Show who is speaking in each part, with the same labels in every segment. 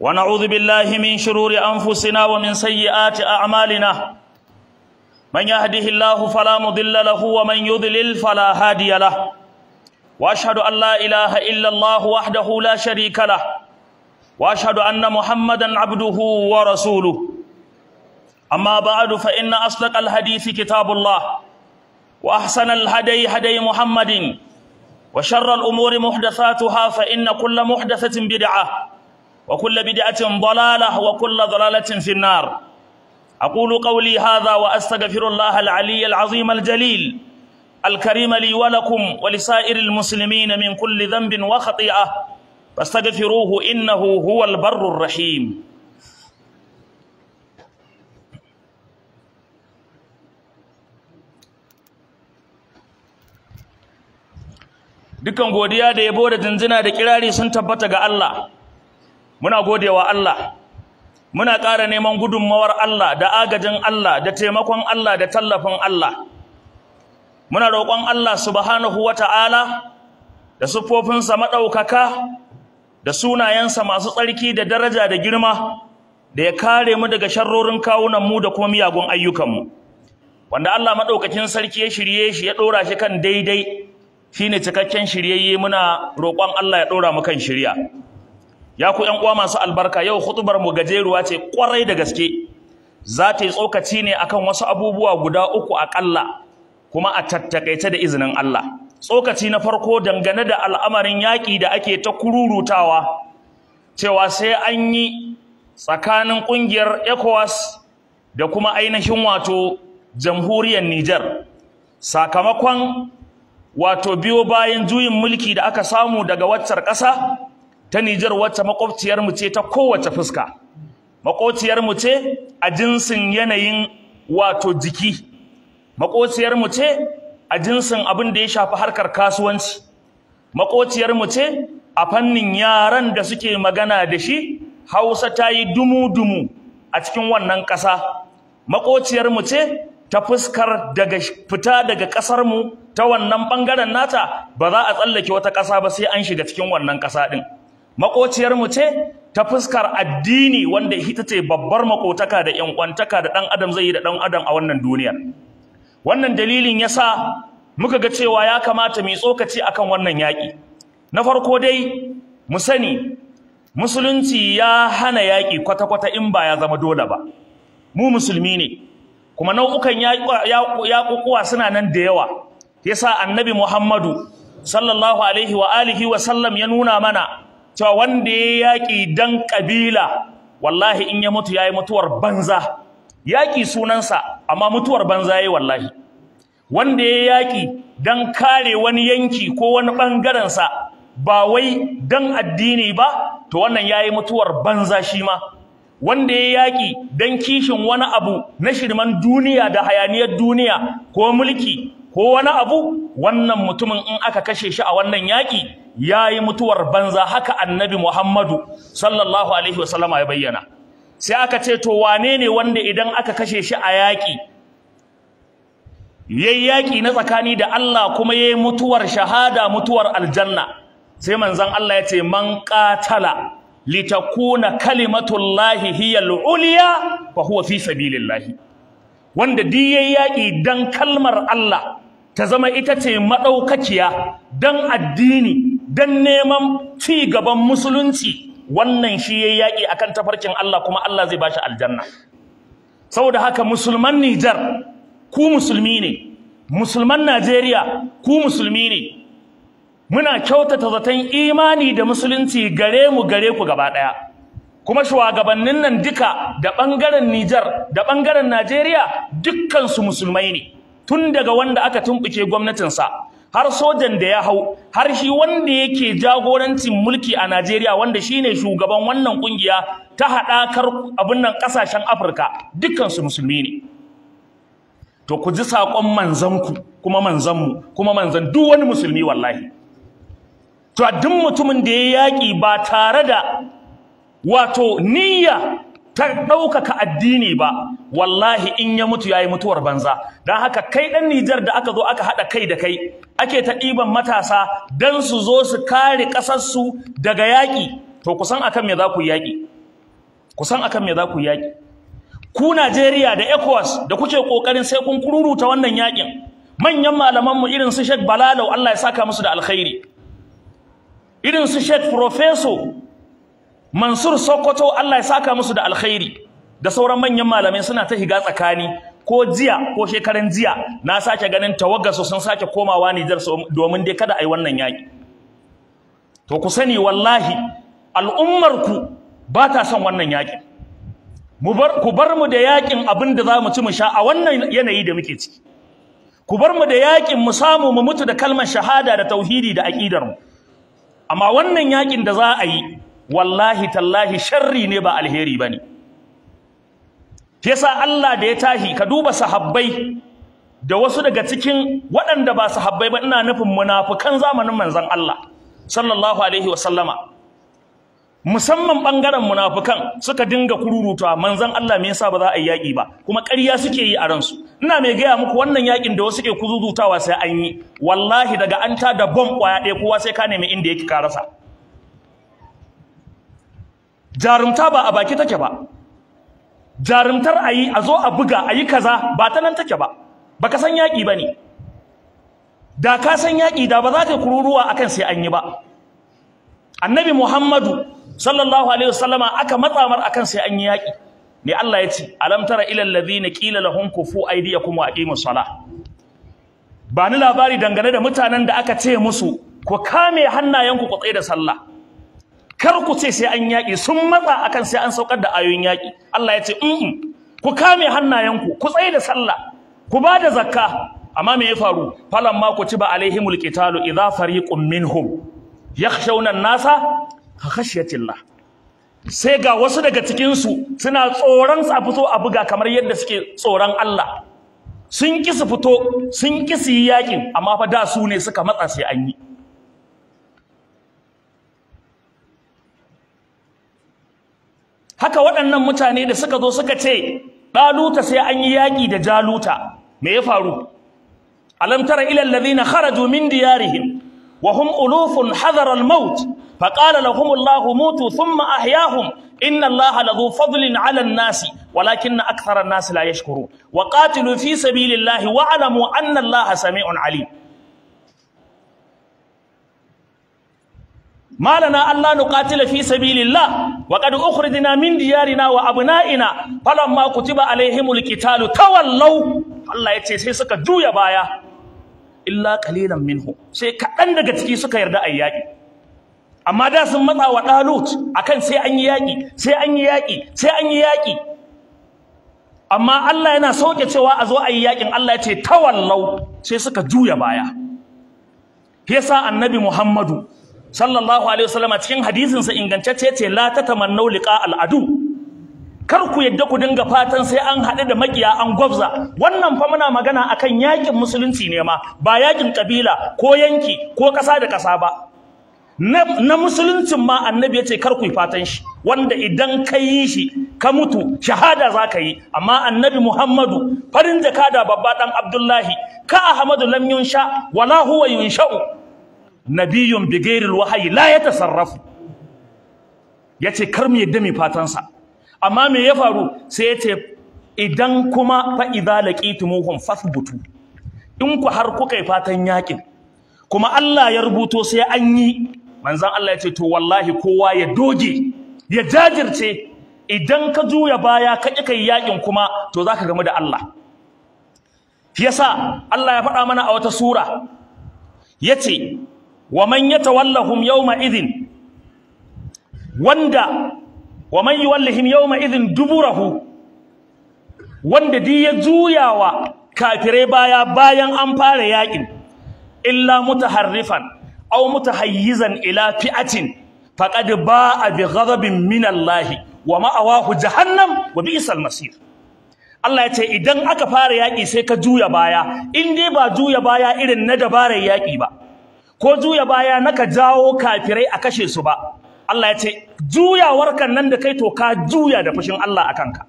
Speaker 1: ونعوذ بالله من شرور أنفسنا ومن سيئات أعمالنا من يهده الله فلا مضل له ومن يضلل فلا هادي له وأشهد أن لا إله إلا الله وحده لا شريك له وأشهد أن محمدا عبده ورسوله أما بعد فإن أصدق الحديث كتاب الله وأحسن الهدي هدي محمد وشر الأمور محدثاتها فإن كل محدثة بدعة وكل بدعة ضلالة وكل ضلالة في النار أقول قولي هذا وأستغفر الله العلي العظيم الجليل الكريم لي ولكم ولسائر المسلمين من كل ذنب وخطيئة فاستغفروه إنه هو البر الرحيم dukan godiya da yabo da tunzina da kirari sun tabbata ga Allah muna godewa Allah muna ƙara neman gudunmawar Allah da agajin Allah da taimakon Allah da tallafin Allah muna roƙon Allah su subhanahu wata'ala da siffofinsa maɗaukaka da sunayensa masu tsarki da daraja da girma da ya kare mu daga sharrorin kawunanmu da kuma miyagun ayyukanmu wanda Allah maɗaukakin sarki ya shirye shi ya ɗora shi kan daidai shi ne cikakken shiryayye muna roƙon Allah ya ɗora mu kan shirya ya ku ƴan uwa masu albarka yau hutubar mu gajeruwa ce ƙwarai da gaske za ta yi tsokaci ne akan wasu abubuwa guda uku ƙalla, kuma a tattakaice da izinin Allah tsokaci na farko dangane da al'amarin yaƙi da ake ta kururutawa cewa sai an yi tsakanin ƙungiyar ECOWAS da kuma ainihin wato jamhuriyar Nijar sakamakon wato biyo bayan juyin mulki da aka samu daga waccar ƙasa ta Nijar wacce makwabciyar ce ta kowace fuska makwabciyar mu ce a jinsin yanayin wato jiki makwabciyar ce a jinsin abin da ya shafi harkar kasuwanci makwabciyar ce a fannin yaran da suke magana da shi Hausa ta yi dumu-dumu a cikin wannan ƙasa maƙociyar ce ta fuskar daga fita daga ƙasarmu ta wannan ɓangaren nata ba za a tsallake wata ƙasa ba sai an shiga cikin wannan ƙasa ɗin makociyarmu ce ta fuskar addini wanda ita ce babbar maƙotaka da ƴanƙwantaka da ɗan adam zai yi da ɗan adam a wannan duniya wannan dalilin ya sa muka ga cewa ya kamata mu tsokaci a kan wannan yaƙi na farko dai mu sani musulunci ya hana yaƙi kwata-kwata in ba ya zama dole ba mu musulmi ne kuma nau'ukan yaƙuƙuwa suna nan da yawa Ya sa annabi muhammadu sallallahu alaihi wa alihi wa sallam ya nuna mana cewa wanda ya yaƙi dan ƙabila wallahi in ya mutu yayi mutuwar banza yaƙi sunansa amma mutuwar banza yayi wallahi wanda ya yaƙi dan kare wani yanki ko wani bangaren ba wai dan addini ba to wannan yayi mutuwar banza shi ma wanda ya yaƙi dan kishin wani abu na shirman duniya da hayaniyar duniya ko mulki ko wani abu wannan mutumin in aka kashe shi a wannan yaƙi ya yi mutuwar banza haka annabi Muhammadu sallallahu alaihi wasallama ya bayyana sai aka ce to wane ne wanda idan aka kashe shi a yaƙi ya yi yaƙi na tsakani da Allah kuma ya yi mutuwar shahada mutuwar aljanna sai manzon Allah ya ce man qatala litakuna kalimatullahi hiya uliya. fa huwa fi sabilillahi wanda diyayi yaƙi don kalmar Allah ta zama ita ce maɗaukaciya don addini dan neman ci gaban musulunci wannan shi ya yaƙi a kan tafarkin Allah kuma Allah zai bashi aljanna saboda haka musulman Nijar ku musulmi ne musulman Najeriya ku musulmi ne muna kyautata zaton imani da musulunci gare mu gare ku gaba ɗaya kuma shugabannin nan duka da ɓangaren Nijar da ɓangaren Najeriya dukkan musulmai ne tun daga wanda aka tumɓuke gwamnatinsa har sojan da ya hau har shi wanda yake jagorancin mulki a Najeriya wanda shine shugaban wannan kungiya ta haɗakar abin nan ƙasashen Afirka dukkan su musulmi ne to ku ji saƙon manzanku kuma manzanmu kuma manzan duk wani musulmi wallahi to duk mutumin da ya yaƙi ba tare da wato niyya ta ɗaukaka addini ba wallahi in ya mutu ya yi mutuwar banza don haka kai ɗan Nijar da aka zo aka haɗa kai da kai ake ta ɗiban matasa don su zo su kare ƙasarsu daga yaƙi to kusan akan me za ku yaƙi kusan akan me za ku yaƙi ku Najeriya da ECOWAS da kuke ƙoƙarin sai kun kururuta wannan yaƙin manyan malamanmu irin su Sheikh Balalau Allah ya saka musu da alkhairi irin su Sheikh Professor Mansur Sokoto Allah ya saka musu da alkhairi da sauran manyan malamai suna ta higa tsakani ko jiya ko shekaran jiya na sake ganin tawagarsu sun sake komawa Nijar domin dai kada ai wannan yaki to ku sani wallahi al'ummarku ba ta son wannan yaƙin ku bar mu da yaƙin abin da za ci mu sha a wannan yanayi da muke ciki ku bar mu da yaƙin mu samu mu mutu da kalmar shahada da tauhidi da aƙidar mu amma wannan yakin da za a yi wallahi tallahi sharri ne ba alheri ba ne yasa Allah da ya tahi ka duba sahabbai da wasu daga cikin waɗanda ba sahabbai ba ina nufin munafukan zamanin manzon Allah sallallahu alaihi wasallama musamman ɓangaren munafukan suka dinga kururuta Manzan Allah me yasa ba za a yi yaƙi ba kuma ƙarya suke yi a ransu ina mai gaya muku wannan yaƙin da wasu ke kuzuzutawa sai an yi wallahi daga an ta da bom kwaya ɗaya kowa sai ka nemi inda yake ka rasa jarumta ba a baki take ba jarumtar ayi a zo a buga ayi kaza ba ta nan take ba baka san yaki bane da ka san yaki da ba za ka kururuwa akan sai an yi ba annabi muhammadu sallallahu alaihi wasallama aka matsamar akan sai an yi yaki ne Allah ya ce alam tara ilal ladina qila lahum kufu aydiyakum wa aqimus salah ba ni labari dangane da mutanen da aka ce musu ku kame hannayenku ku tsaye da sallah kar ku ce sai an yaƙi sun matsa akan sai an saukar da ayoyin yaƙi Allah ya ce in ku kame hannayenku ku tsaye da sallah ku ba da zakka amma me ya faru falan ma ku ci ba alaihimul qitalu idza fariqun minhum yakhshawna an-nasa ka khashyatillah sai ga wasu daga cikin su suna tsoron su fito a buga kamar yadda suke tsoron Allah sun ki su fito sun ki su yi yakin amma fa da su ne suka matsa sai an yi haka waɗannan mutane da suka zo suka ce ɗaluta sai an yi yaƙi da jaluta me ya faru alam tara ila alladhina kharaju min diyarihim wa hum ulufun hadara al-maut fa qala lahum Allah mutu thumma ahyahum inna Allah ladhu fadlin 'ala an-nasi walakinna akthara an-nasi la yashkuru wa qatilu fi sabilillahi wa 'alamu anna Allah samii'un 'alim ما لنا ألا نقاتل wa سبيل الله وقد أخرجنا من ديارنا وأبنائنا فلما كتب عليهم القتال تولوا الله يتي سي suka juya baya illa qalilan minhu sai kaɗan daga ciki suka yarda ayi yaki amma da sun matsa wa Dalut akan sai an yi yaƙi, sai an yi yaki sai an yi yaki amma Allah yana sauke cewa a zo ayi yakin Allah yace tawallau sai suka juya baya yasa annabi Muhammadu sallallahu alaihi wasallam cikin hadisin sa ingantacce ce la tatamannu liqa al'adu kar ku yadda ku dinga fatan sai an haɗu da makiya an gwabza wannan fa muna magana akan yakin musulunci ne ma ba yakin kabila ko yanki ko ƙasa da ƙasa ba na musuluncin ma annabi ya ce kar ku yi fatan shi wanda idan ka yi shi ka mutu shahada za ka yi amma annabi muhammadu farin jaka da babba ɗan abdullahi ka ahmadu lam yunsha wala huwa yunsha'u nabiyyun bi ghairi alwahyi la yace kar mu yadda mu fatansa. amma me ya faru sai yace idan kuma fa idza laqitumuhum fathbutu in ku har kuka fatan yakin kuma Allah ya rubuto sai an yi manzon Allah yace to wallahi kowa ya doge ya jajirce idan ka juya baya ka ƙi kai yakin kuma to zaka gamu da Allah yasa Allah ya faɗa mana a wata sura yace wa man yatawallahum yawma idhin wanda wa man yuwallihim yawma idhin duburahu wanda di ya juyawa kafirai baya bayan an fara yakin illa mutaharrifan aw mutahayyizan ila fi'atin faqad ba'a bi ghadabin min Allah wa ma'awahu jahannam wa bi'sal masir Allah ya ce idan aka fara yaƙi sai ka juya baya in dai ba juya baya irin na dabarar yaƙi ba ko juya baya na ka jawo kafirai a kashe su ba Allah ya ce juyawar kan nan da kai to ka juya da fushin Allah a kanka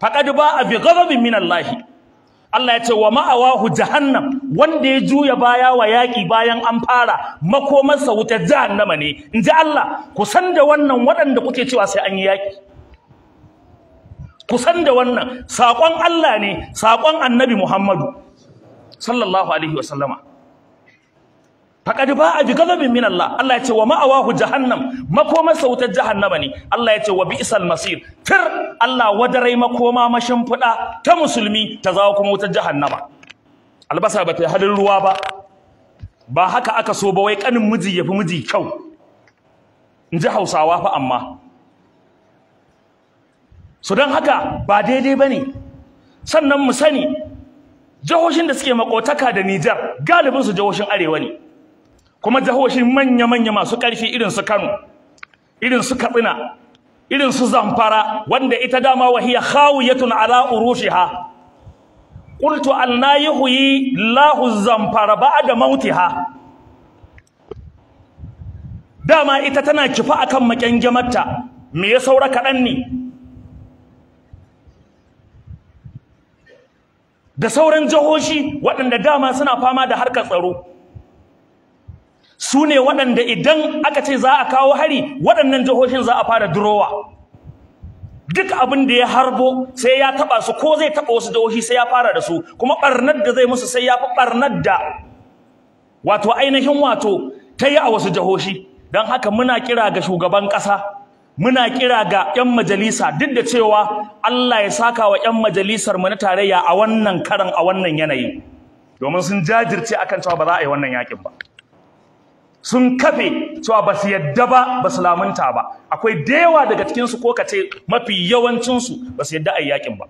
Speaker 1: faqad ba bi ghadabin min Allah Allah ya ce wa ma'awahu jahannam wanda ya juya baya wa yaki bayan an fara makomarsa wuta jahannama ne in ji Allah ku san da wannan waɗanda kuke cewa sai an yi yaki ku san da wannan saƙon Allah ne saƙon Annabi Muhammadu sallallahu alaihi wasallama faqad ba'a bi ghadabin min Allah Allah ya ce wa ma'awahu jahannam makoma sautar jahannama ne Allah ya ce wa bi'sal masir fir Allah wadarai makoma mashin fuda ta musulmi ta zawo kuma wutar jahannama albasa ba ta halin ruwa ba ba haka aka so ba wai kanin miji yafi miji kyau in ji Hausawa fa amma so don haka ba daidai bane sannan mu sani jihohin da suke makotaka da Nijar galibin su jihohin arewa ne kuma jahoshin manya-manya masu ƙarfi irin su Kano irin su Katsina irin su Zamfara wanda ita dama wahiya khawiyatun ala urushiha qultu anna yuhyi Allahu Zamfara ba'da mautiha dama ita tana kifa akan makyangamarta me ya saura kaɗan ne da sauran jihohi waɗanda dama suna fama da harkar tsaro su ne waɗanda idan aka ce za a kawo hari waɗannan jihohin za a fara durowa duk abin da ya harbo sai ya taɓa su ko zai taɓa wasu jihohi sai ya fara da su kuma ɓarnar da zai musu sai ya fi ɓarnar da wato ainihin wato ta yi a wasu jihohi don haka muna kira ga shugaban ƙasa muna kira ga 'yan majalisa duk da cewa Allah ya saka wa 'yan majalisar mu na tarayya a wannan karan a wannan yanayi domin sun jajirce akan cewa ba za a yi wannan yakin ba sun kafe cewa ba su yadda ba ba su lamunta ba akwai da yawa daga cikinsu ko ka ce mafi yawancinsu ba su yadda a yakin ba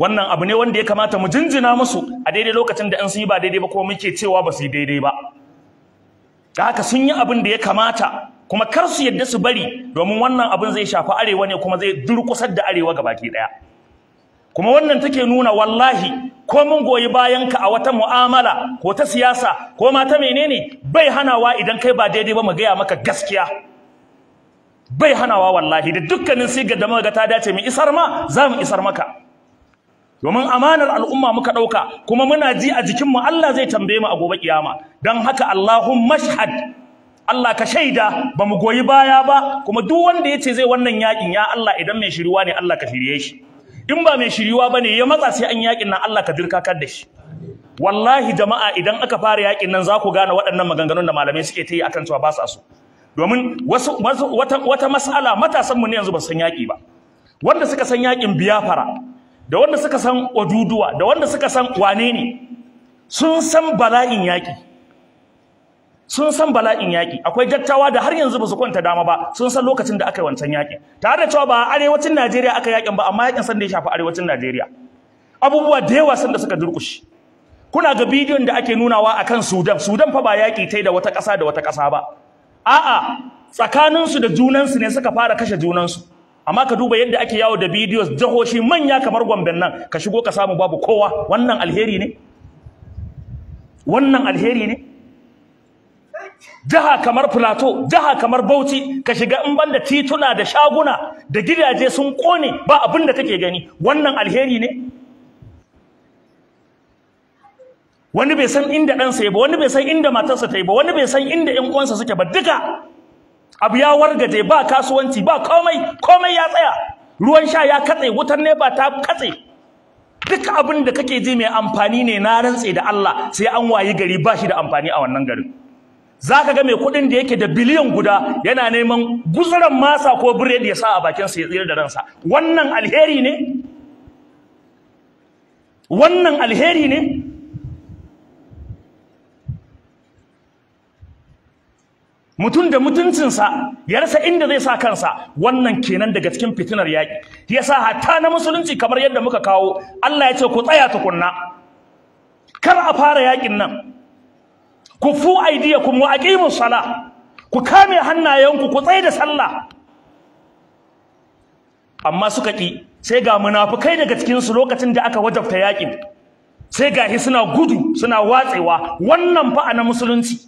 Speaker 1: wannan abu ne wanda ya kamata mu jinjina musu a daidai lokacin da 'yan sun yi ba daidai ba ko muke cewa ba su yi daidai ba da haka sun yi abin da ya kamata kuma kar su yadda su bari domin wannan abin zai shafi arewa ne kuma zai durƙusar da arewa gabaki ɗaya kuma wannan take nuna wallahi ko mun goyi bayanka a wata mu'amala ko ta siyasa ko ma ta menene bai hanawa idan kai ba daidai ba mu gaya maka gaskiya bai hanawa wallahi da dukkanin sigar da muka ta dace mu isar ma za mu isar maka domin amanar al'umma muka ɗauka kuma muna ji a jikinmu Allah zai tambaye mu a gobe kiyama don haka Allahumma shahad Allah ka shaida ba mu goyi baya ba kuma duk wanda ya ce zai wannan yakin ya Allah idan mai shiriwa ne Allah ka shirye shi in ba mai shiriwa ne ya matsa sai an yaƙin nan Allah ka kar da shi wallahi jama'a idan aka fara yaƙin nan za ku gane waɗannan maganganun da malamai suke ta yi akan cewa ba sa so domin wasu wata wata mas'ala matasan mu ne yanzu ba san yaƙi ba wanda suka san yaƙin biyafara da wanda suka san oduduwa da wanda suka san wane ne sun san bala'in yaƙi. sun san bala'in yaƙi akwai dattawa da har yanzu ba su kwanta dama ba sun san lokacin da aka yi wancan yaƙin tare da cewa ba a arewacin Najeriya aka yaƙin ba amma yaƙin san da ya shafi arewacin Najeriya abubuwa da yawa sun da suka durƙushi kuna ga bidiyon da ake nunawa a kan Sudan Sudan fa ba yaƙi tai da wata ƙasa da wata ƙasa ba a'a tsakaninsu da junansu ne suka fara kashe junansu amma ka duba yadda ake yawo da bidiyos jahoshi manya kamar gwamben nan ka shigo ka samu babu kowa wannan alheri ne wannan alheri ne jaha kamar plateau jaha kamar bauchi ka shiga in banda tituna da shaguna da gidaje sun kone ba abin da take gani wannan alheri ne wani bai san inda ɗansa ya ba wani bai san inda matarsa ta yi ba wani bai san inda ƴan uwansa suke ba duka abu ya wargaje ba kasuwanci ba komai komai ya tsaya ruwan sha ya katse wutar ne ba ta katse duk abin da kake ji mai amfani ne na rantse da Allah sai an wayi gari ba shi da amfani a wannan garin za ka ga mai kuɗin da yake da biliyan guda yana neman guzuran masa ko biredi ya sa a bakin sa ya tsira da ransa wannan alheri ne wannan alheri ne mutum da mutuncinsa ya rasa inda zai sa kansa wannan kenan daga cikin fitinar yaƙi Ya sa hatta na musulunci kamar yadda muka kawo Allah ya ce ku tsaya tukunna kar a fara yaƙin nan ku fu aidiyakum wa aqimu sala ku kame hannayenku ku tsaye da sallah amma suka ki sai ga munafukai daga cikin su lokacin da aka wajabta yaƙin, sai ga suna gudu suna watsewa wannan fa na musulunci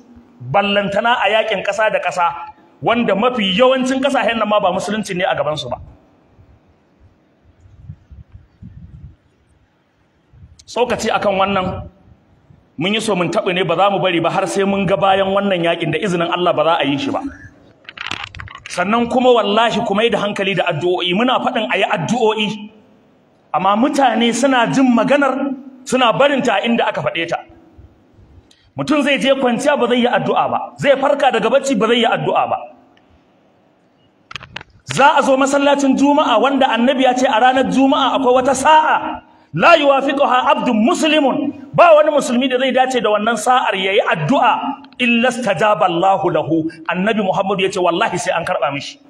Speaker 1: ballantana a yaƙin ƙasa da ƙasa, wanda mafi yawancin ƙasashen nan ma ba musulunci ne a gaban su ba tsokaci akan wannan mun yi so mun taɓa ne ba za mu bari ba har sai mun ga bayan wannan yakin da izinin Allah ba za a yi shi ba sannan kuma wallahi kuma yi da hankali da addu'o'i muna faɗin a yi addu'o'i amma mutane suna jin maganar suna barin barinta inda aka faɗe ta mutum zai je kwanciya ba zai yi addu'a ba zai farka daga bacci ba zai yi addu'a ba za a zo masallacin juma'a wanda annabi ya ce a ranar juma'a akwai wata sa'a la yuwafiquha abdun muslimun ba wani musulmi da zai dace da wannan sa'ar yayi addu'a illa stajaba Allah lahu annabi Muhammad yace wallahi sai an karba mishi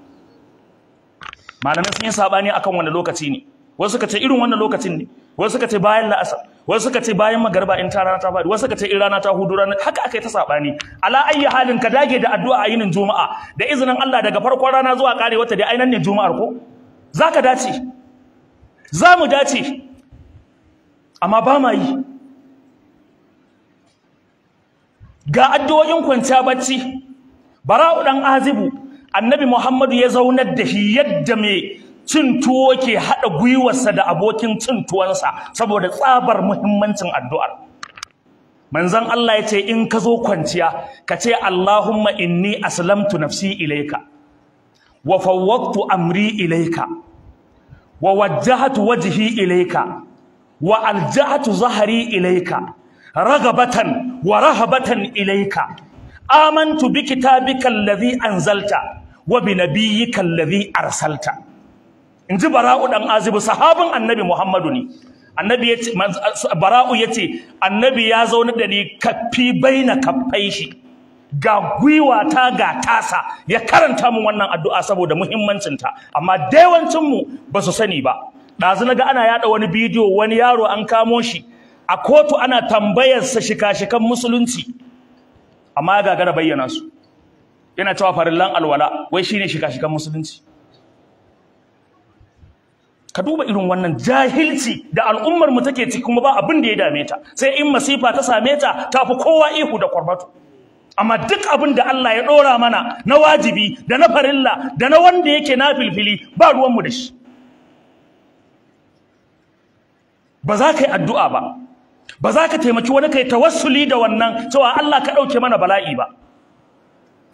Speaker 1: malamin sun yi sabani akan wani lokaci ne wasu suka ce irin wannan lokacin ne wasu suka ce bayan la'asar wasu suka ce bayan magarba in ta rana ta faɗi wasu suka ce in rana ta hudu rana haka aka yi ta sabani ala ayyi halin ka dage da addu'a a yinin juma'a da izinin Allah daga farkon rana zuwa kare wata dai ainan ne juma'ar ko zaka dace za mu dace amma ba ma yi ga addu'o'in kwanciya bacci bara'u dan azibu annabi muhammadu ya zaunar da shi yadda mai cin tuwo ke haɗa gwiwarsa da abokin cin tuwansa saboda tsabar muhimmancin addu'ar manzon Allah ya ce in ka zo kwanciya ka ce Allahumma inni aslamtu nafsi ilaika wa fawwaktu amri ilaika wa wajjahatu wajhi ilaika wa aljahatu zahri ilaika ragabatan wa rahabatan ilaika. amantu bi kitabika allazi anzalta wa bi nabiyyika allazi arsalta inji bara'u dan azibu sahabin annabi muhammadu ne annabi yace bara'u yace annabi ya zauna da ni kaffi baina kaffai shi ga gwiwa ta ga tasa ya karanta mu wannan addu'a saboda muhimmancin ta amma da yawancin mu ba su sani ba ɗazu naga ana yada wani bidiyo wani yaro an kamo shi a kotu ana tambayarsa shika-shikan musulunci amma ya gagara bayyana su yana cewa farillan alwala wai shi ne shika-shikan musulunci ka duba irin wannan jahilci da al'ummar mu take ciki kuma ba abin da ya dame ta sai in masifa ta same ta ta fi kowa ihu da kwarbato amma duk abin da Allah ya dora mana na wajibi da na farilla da na wanda yake na filfili ba ruwan mu da shi ba za ka yi addu'a ba ba za ka taimaki wani kai tawassuli da wannan cewa Allah ka ɗauke mana bala'i ba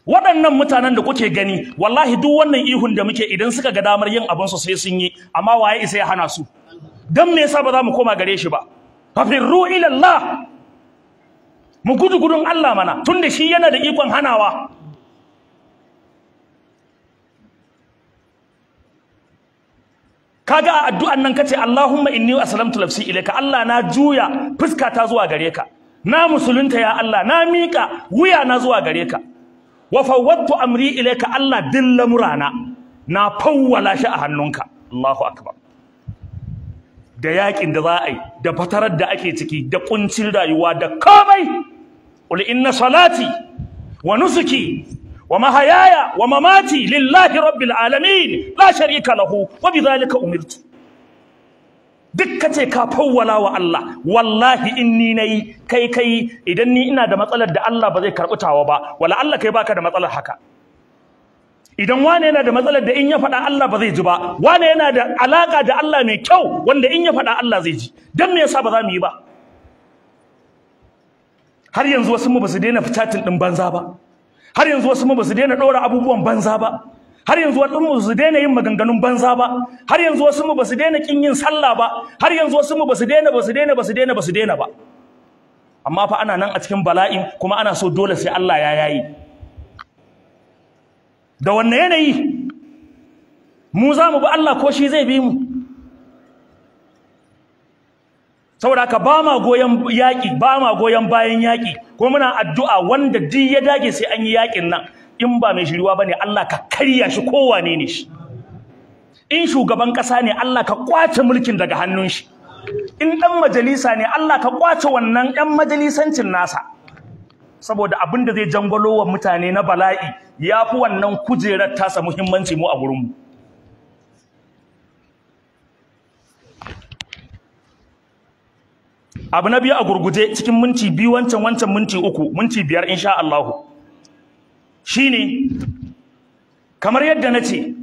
Speaker 1: waɗannan mutanen da kuke gani wallahi duk wannan ihun da muke idan suka ga damar yin abin su sai sun yi amma waye isa ya hana su Dan me yasa ba za mu koma gare shi ba fafirru ilallah mu gudu gudun Allah mana tunda shi yana da ikon hanawa Ka ga a addu'an nan kace Allahumma inni aslamtu nafsi ilayka Allah na juya fuska ta zuwa gare ka na musulunta ya Allah na mika wuya na zuwa gare ka wa fawwadtu amri ilayka Allah dilla murana na fawwala shi a hannunka Allahu akbar da yakin da za a yi da fatarar da ake ciki da kuncin rayuwa da komai qul inna salati wa nusuki ومحياي ومماتي لله رب العالمين لا شريك له وبذلك أمرت dukkace ka fawwala wa Allah wallahi in inni nayi kai kai idan ni ina da matsalar da Allah ba zai karbi tawa ba wala Allah kai baka da matsalar haka idan wane yana da matsalar da in ya faɗa Allah ba zai ji ba wane yana da alaka da Allah mai kyau wanda in ya faɗa Allah zai ji dan me yasa ba za mu yi ba har yanzu wasu mu ba su daina fitatin din banza ba har yanzu wasu mu su daina ɗora abubuwan banza ba har yanzu wasu mu su daina yin maganganun banza ba har yanzu wasu mu su daina kin yin sallah ba har yanzu wasu mu basu su daina ba su daina ba su daina ba su daina ba amma fa ana nan a cikin bala'i kuma ana so dole sai Allah ya yayi da wannan yanayi mu za mu bi Allah ko shi zai bi mu saboda ka ba ma goyon yaƙi ba ma goyon bayan yaƙi ko muna addu'a wanda duk ya dage sai an yi yaƙin nan in ba mai shiriwa bane Allah ka karya shi kowane ne shi in shugaban ƙasa ne Allah ka kwace mulkin daga hannun shi in ɗan majalisa ne Allah ka kwace wannan ɗan majalisancin nasa saboda abin da zai jangwalo mutane na bala'i ya fi wannan kujerar tasa muhimmanci mu a mu. abu na biyu a gurguje cikin minti biyu wancan wancan minti uku minti biyar insha Allah shine kamar yadda na ce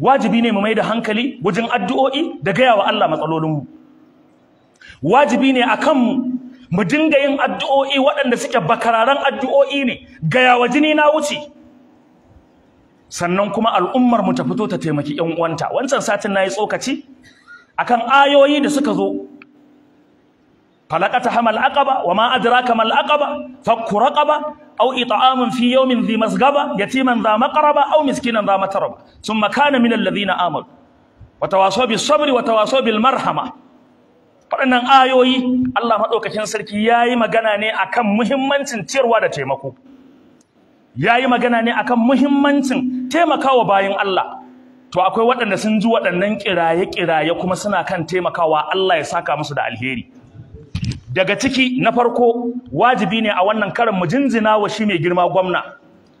Speaker 1: wajibi ne mu mai da hankali wajen addu'o'i da gaya wa Allah matsalolinmu wajibi ne a kanmu mu dinga yin addu'o'i waɗanda suke bakararan addu'o'i ne gaya wa jini na wuce sannan kuma al'ummar mu ta fito ta taimaki ‘yan uwanta wancan satin na yi tsokaci akan ayoyi da suka zo فلقتها ما العقبة وما أدراك ما العقبة فك رقبة أو إطعام في يوم ذي مسغبة يتيما ذا مقربة أو مسكينا ذا متربة ثم كان من الذين آمنوا وتواصوا بالصبر وتواصوا بالمرحمة waɗannan ayoyi Allah maɗaukakin sarki ya yi magana ne akan muhimmancin ciyarwa da taimako ya yi magana ne akan muhimmancin taimakawa bayan Allah to akwai waɗanda sun ji waɗannan ƙiraye-ƙiraye kuma suna kan taimakawa Allah ya saka musu da alheri daga ciki na farko wajibi ne a wannan karin mu jinjina wa shi mai girma gwamna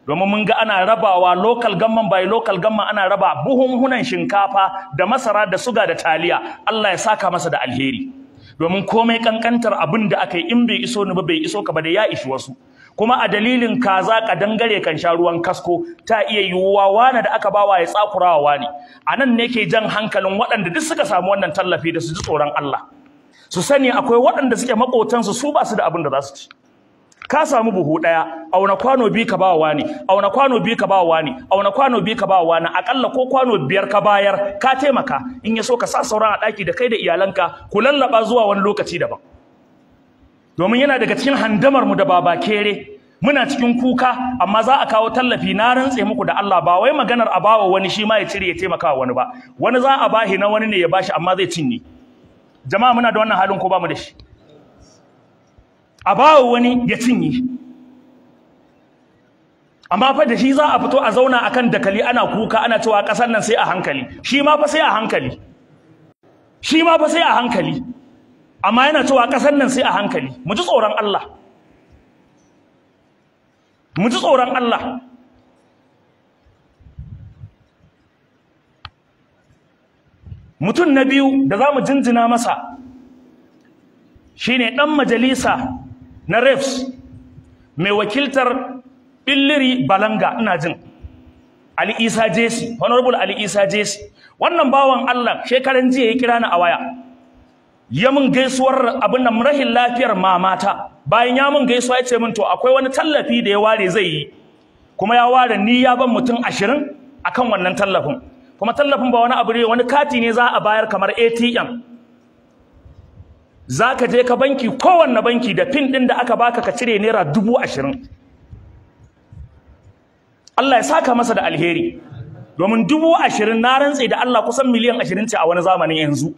Speaker 1: domin mun ga ana rabawa local gamman bai local gamman ana raba buhunhunan shinkafa da masara da suga da taliya Allah ya saka masa da alheri domin komai kankantar abin da aka yi in bai iso ni ba bai iso ka ba da ya ishi wasu kuma a dalilin kaza ka dangare kan sha ruwan kasko ta iya yiwuwa wani da aka bawa ya tsakurawa wani a nan ne ke jan hankalin waɗanda duk suka samu wannan tallafi da su ji tsoron Allah su sani akwai waɗanda suke makotansu su ba su da abin da za su ci ka samu buhu ɗaya auna kwano biyu ka bawa wani auna kwano biyu ka bawa wani auna kwano biyu ka bawa wani akalla ko kwano biyar ka bayar ka taimaka in ya so ka sa sauran a ɗaki da kai da iyalanka ku lallaɓa zuwa wani lokaci daban domin yana daga cikin handamar mu da baba kere muna cikin kuka amma za a kawo tallafi na rantse muku da Allah ba wai maganar a bawa wani shi ma ya cire ya taimaka wani ba wani za a bahi na wani ne ya bashi amma zai cinye jama'a muna da wannan halin ko ba mu da shi a bawa wani ya cinye amma fa da shi za a fito a zauna akan dakali ana kuka ana cewa kasar nan sai a hankali shi ma fa sai a hankali shi ma fa sai a hankali amma yana cewa kasar nan sai a hankali mu ji tsoron Allah mu ji tsoron Allah mutum na biyu da za mu jinjina masa shi ne ɗan majalisa na refs mai wakiltar billiri balanga ina jin ali isa jesi honorable ali isa jesi wannan bawan allah shekaran jiya ya kira ni a waya ya mun gaisuwar abin nan rahin lafiyar mamata bayan ya mun gaisuwa ya ce min to akwai wani tallafi da ya ware zai yi kuma ya ware ni ya ban mutum ashirin akan wannan tallafin kuma tallafin ba wani abu ne wani kati ne za a bayar kamar ATM za ka je ka banki kowanne banki da pin ɗin da aka baka ka cire naira dubu ashirin Allah ya saka masa da alheri domin dubu ashirin na rantse da Allah kusan miliyan ashirin ce a wani zamanin yanzu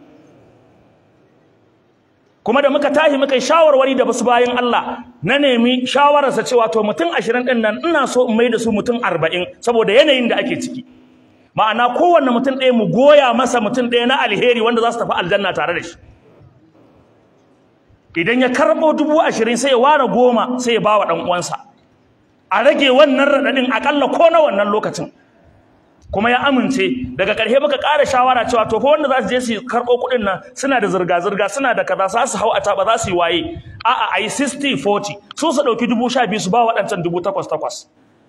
Speaker 1: kuma da muka tahi muka yi shawarwari da basu bayan Allah na nemi shawararsa cewa to mutum ashirin ɗin nan ina so in mai da su mutum arba'in saboda yanayin da ake ciki ma'ana kowanne mutum ɗaya mu goya masa mutum ɗaya na alheri wanda za su tafi aljanna tare da shi idan ya karɓo dubu ashirin sai ya ware goma sai ya ba wa ɗan'uwansa a rage wannan raɗaɗin aƙalla ko na wannan lokacin kuma ya amince daga ƙarshe muka ƙara shawara cewa to fa wanda za su je su karɓo kuɗin nan suna da zirga-zirga suna da kaza za su hau a taɓa za su yi waye a'a a yi sixty forty su su ɗauki dubu sha biyu su ba waɗancan dubu takwas takwas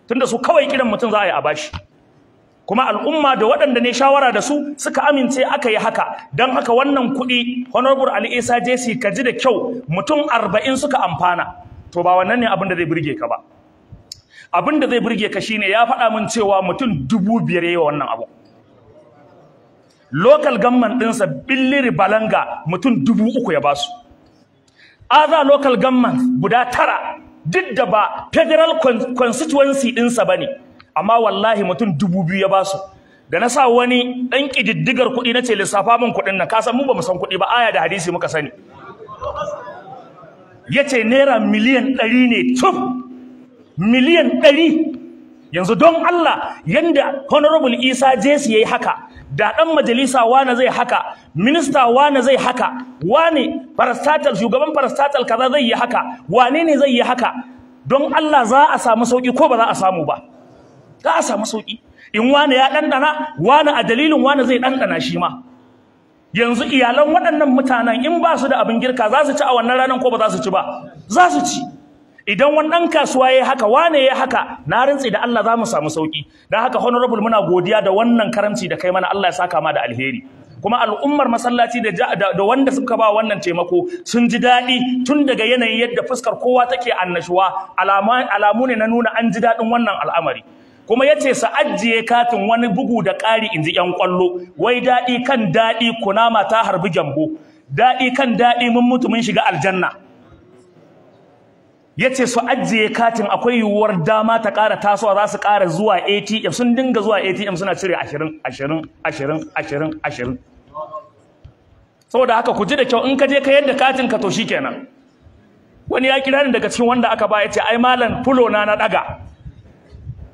Speaker 1: tunda su kawai kiran mutum za a yi a bashi kuma al'umma da waɗanda ne shawara da su suka amince aka yi haka don haka wannan kuɗi honorable ali isa jesi ka ji da kyau mutum arba'in suka amfana to ba wannan ne abin da zai burge ka ba abin da zai burge ka shine ya faɗa min cewa mutum dubu biyar yi wa wannan abu local gamman ɗinsa billiri balanga mutum dubu uku ya basu aza local gamman guda tara duk da ba federal constituency ɗinsa ba ne amma wallahi mutum dubu biyu ya basu da na sa wani ɗan ƙididdigar kuɗi na ce lissafa min kuɗin nan kasan mu ba mu san kuɗi ba aya da hadisi muka sani ya ce naira miliyan ɗari ne tuf miliyan ɗari yanzu don Allah yadda honorable isa jesi ya yi haka da ɗan majalisa wane zai haka minista wane zai haka wane farastatal shugaban farastatal kaza zai yi haka wane ne zai yi haka don Allah za a samu sauƙi ko ba za a samu ba za a samu sauki in wani ya ɗanɗana wani a dalilin wani zai ɗanɗana shi ma yanzu iyalan waɗannan mutanen in ba su da abin girka za su ci a wannan ranar ko ba za su ci ba za su ci idan wannan kasuwa ya yi haka wane yayi haka na rintsi da Allah za mu samu sauki don haka honorable muna godiya da wannan karamci da kai mana Allah ya saka ma da alheri kuma al'ummar masallaci da da wanda suka ba wannan taimako sun ji daɗi tun daga yanayin yadda fuskar kowa take annashuwa alamu ne na nuna an ji daɗin wannan al'amari kuma yace su ajiye katin wani bugu da ƙari inji yan kwallo wai daɗi kan daɗi kunama ta harbi gyambo daɗi kan daɗi mun mutu mun shiga aljanna yace su ajiye katin akwai yiwuwar dama ta ƙara tasowa za su ƙara zuwa ATM sun dinga zuwa ATM suna cire ashirin ashirin ashirin ashirin ashirin saboda haka ku ji da kyau in ka je ka yadda katin ka to shikenan wani ya kira ni daga cikin wanda aka ba ce, ai malam fulo na na daga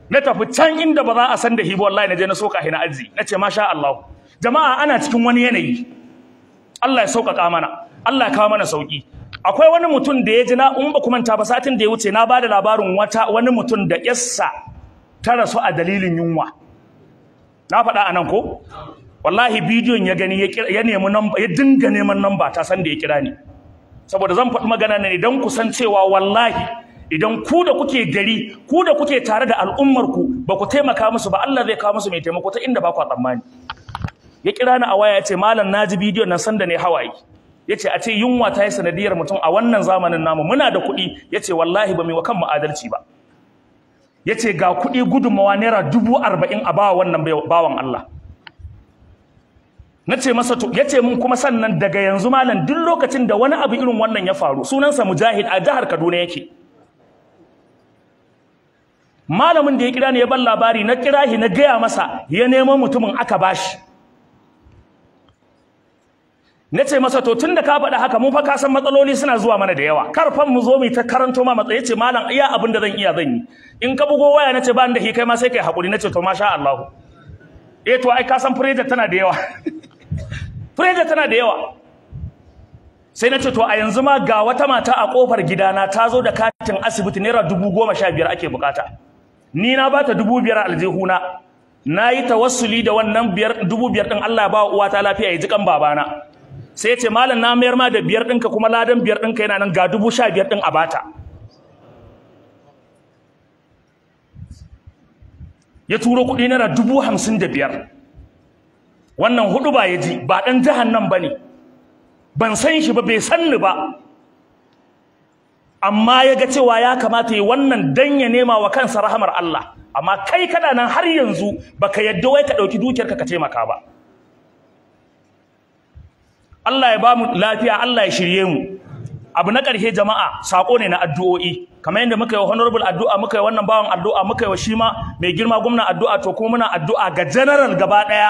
Speaker 1: na tafi can inda ba za a san da hibu wallahi na je na soka hina aji na ce masha Allah jama'a ana cikin wani yanayi Allah ya sauƙaƙa mana Allah ya kawo mana sauƙi akwai wani mutum da ya ji na in ba ku manta ba satin da ya wuce na bada labarin wata wani mutum da yassa ta rasu a dalilin yunwa na faɗa anan ko wallahi bidiyon ya gani ya nemi ya dinga neman namba ta san da ya kira ni saboda zan faɗi magana ne don ku san cewa wallahi idan ku da kuke gari ku da kuke tare da al'ummar ku ba ku taimaka musu ba Allah zai kawo musu mai taimako ta inda ba ku tsammani ya kira ni a waya ya ce malam ji bidiyon nan sanda ne hawaye ya ce a ce yunwa ta yi sanadiyar mutum a wannan zamanin namu muna da kuɗi ya ce wallahi ba mai wa kanmu adalci ba ya ce ga kuɗi gudunmawa naira dubu arba'in a bawa wannan bawan Allah na ce masa to ya ce mun kuma sannan daga yanzu malam duk lokacin da wani abu irin wannan ya faru sunansa mujahid a jihar kaduna yake malamin da ya kira ne ya ban labari na kira shi na gaya masa ya neman mutumin aka bashi na ce masa to tun da ka faɗa haka mun fa ka san matsaloli suna zuwa mana da yawa karfan mu zo mu ta karanto ma matsayi ce malam iya abin da zan iya zan yi in ka bugo waya na ce ba da shi kai ma sai kai hakuri na ce to masha Allah eh to ai ka san pressure tana da yawa pressure tana da yawa sai na ce to a yanzu ma ga wata mata a kofar gidana ta zo da katin asibiti naira dubu goma sha biyar ake bukata ni na bata dubu biyar aljihuna na yi tawassuli da wannan dubu biyar ɗin Allah ya ba uwa ta lafiya ya ji kan babana sai ce malam na mayar ma da biyar ɗinka kuma ladan biyar ɗinka yana nan ga dubu sha biyar ɗin a bata ya turo kuɗi naira dubu hamsin da biyar wannan hudu ba ya ji ba ɗan jihar nan ba ne ban san shi ba bai san ni ba amma ya ga cewa ya kamata yi wannan dan ya nema wa kansa rahamar Allah amma kai kana nan har yanzu baka yadda wai ka ɗauki dukiyarka ka taimaka ba Allah ya ba mu lafiya Allah ya shirye mu abu na ƙarshe jama'a sako ne na addu'o'i kamar yadda muka yi honorable addu'a muka yi wannan bawan addu'a muka yi wa shi ma mai girma gwamna addu'a to kuma muna addu'a ga general gaba ɗaya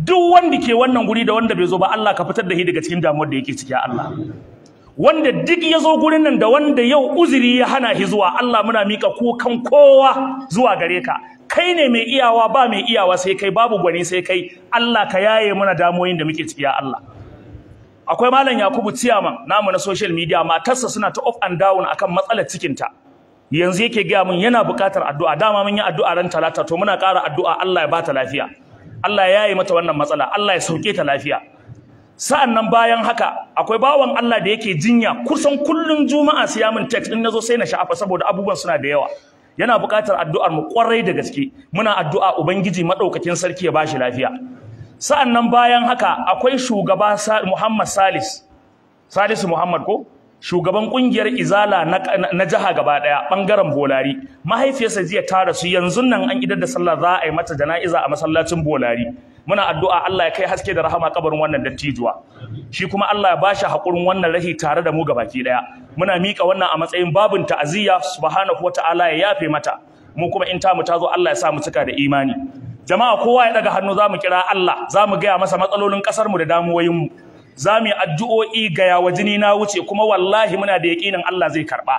Speaker 1: duk wanda ke wannan guri da wanda bai zo ba Allah ka fitar da shi daga cikin damuwar da yake ciki Allah wanda duk ya zo gurin nan da wanda yau uzuri ya hana shi zuwa Allah muna mika kukan kowa zuwa gare ka kai ne mai iyawa ba mai iyawa sai kai babu gwani sai kai Allah ka yaye muna damoyin da muke ciki ya Allah akwai malam Yakubu Tiyama namu na social media matarsa suna ta off and down akan matsalar cikin ta yanzu yake gaya mun yana buƙatar addu'a dama mun yi addu'a ran talata to muna ƙara addu'a Allah ya bata lafiya Allah ya yaye mata wannan matsala Allah ya sauke ta lafiya sa'annan bayan haka akwai bawan Allah da yake jinya kusan kullum juma'a sai ya min na din zo sai na sha'afa saboda abubuwan suna da yawa yana buƙatar addu'ar mu ƙwarai da gaske muna addu'a ubangiji maɗaukakin sarki ya ba shi lafiya sa'annan bayan haka akwai shugaba Muhammad Salis Salisu Muhammad ko shugaban ƙungiyar Izala na, jiha gaba ɗaya, ɓangaren Bolari mahaifiyarsa jiya ta rasu yanzu nan an idar da sallah za a yi mata jana'iza a masallacin Bolari muna addu'a Allah ya kai haske da rahama kabarin wannan dattijuwa shi kuma Allah ya bashi hakurin wannan rahi tare da mu gabaki daya muna mika wannan a matsayin babin ta'aziyya subhanahu wataala ya yafe mata mu kuma in ta mu tazo Allah ya sa mu cika da imani jama'a kowa ya daga hannu zamu kira Allah zamu gaya masa matsalolin kasar mu da damuwoyin mu zamu yi addu'o'i ga yawa jini na wuce kuma wallahi muna da yakinin Allah zai karba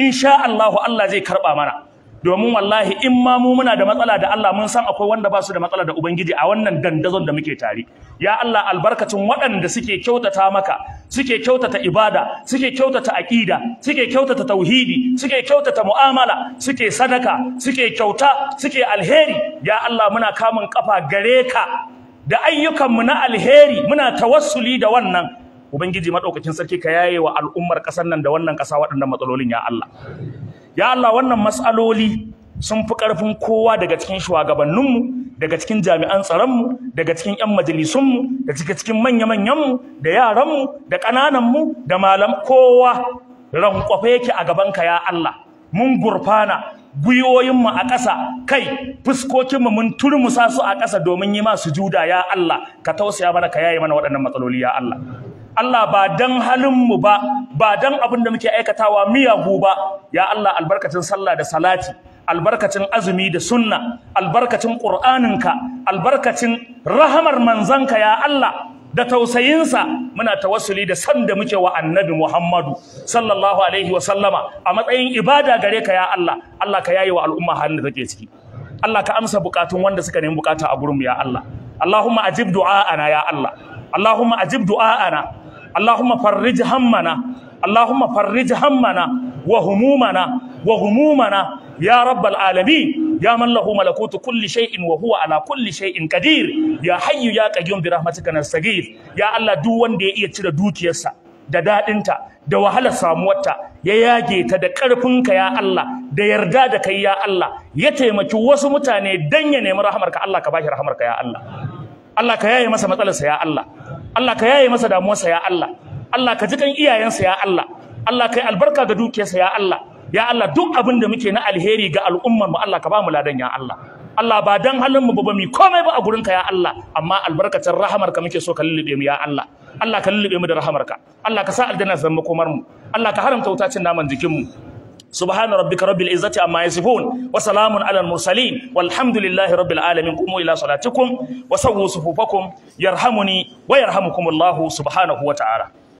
Speaker 1: insha Allah Allah zai karɓa mana domin wallahi in ma mu muna da matsala da Allah mun san akwai wanda ba su da matsala da ubangiji a wannan dandazon da muke tare ya Allah albarkacin waɗanda suke kyautata maka suke kyautata ibada suke kyautata aqida suke kyautata tauhidi suke kyautata mu'amala suke sadaka suke kyauta suke alheri ya Allah muna kamun kafa gare ka da ayyukanmu na alheri muna tawassuli da wannan ubangiji madaukakin sarki ka yayewa al'ummar kasar nan da wannan kasa waɗannan matsalolin ya Allah ya Allah wannan matsaloli sun fi ƙarfin kowa daga cikin shugabanninmu daga cikin jami'an tsaronmu daga cikin 'yan majalisunmu da cikin cikin manya-manyanmu da yaranmu da ƙanananmu da malam kowa rankwafe yake a gabanka ya Allah mun gurfana gwiwoyinmu a ƙasa kai fuskokinmu mun turmusa su a ƙasa domin yi ma juda ya Allah ka tausaya mana ka yaye mana waɗannan matsaloli ya Allah Allah ba dan halinmu ba ba dan abin da muke aikatawa miyagu ba ya Allah albarkacin sallah da salati albarkacin azumi da sunna albarkacin qur'aninka albarkacin rahamar manzanka ya Allah da tausayinsa muna tawassuli da san da muke wa annabi Muhammadu sallallahu alaihi wa sallama a matsayin ibada gare ka ya Allah Allah ka yayi wa al'umma halin da take ciki Allah ka amsa bukatun wanda suka nemi bukata a gurin ya Allah Allahumma ajib du'a'ana ya Allah Allahumma ajib du'a'ana اللهم فرج همنا اللهم فرج همنا وهمومنا وغمومنا يا رب العالمين يا من له ملكوت كل شيء وهو على كل شيء قدير يا حي يا قيوم برحمتك نستغيث يا الله دو wanda ya iya cire dukiyarsa da dadinta da wahalar samuwarta ya yage ta da karfinka ya Allah da yarda da kai ya Allah ya taimaki wasu mutane dan ya nemi rahamarka Allah ka bashi rahamarka ya Allah Allah ka yaye masa matsalarsa ya Allah Allah ka yaye masa damuwarsa ya Allah Allah ka ji kan iyayensa ya Allah Allah kai albarka ga dukiyarsa ya Allah ya Allah duk abin da muke na alheri ga al'ummar mu Allah ka ba mu ladan ya Allah Allah ba dan halin mu ba komai ba a gurin ka ya Allah amma albarkacin rahamarka muke so ka lullube mu ya Allah Allah ka lullube mu da ka Allah ka sa aljanna zama komar mu Allah ka haramta wutacin naman jikin mu subhana rabbika rabbil izzati amma yasifun wa salamun alal mursalin walhamdulillahi rabbil alamin qumu ila salatikum wa sawwu sufufakum yarhamuni wa yarhamukumullahu subhanahu wa ta'ala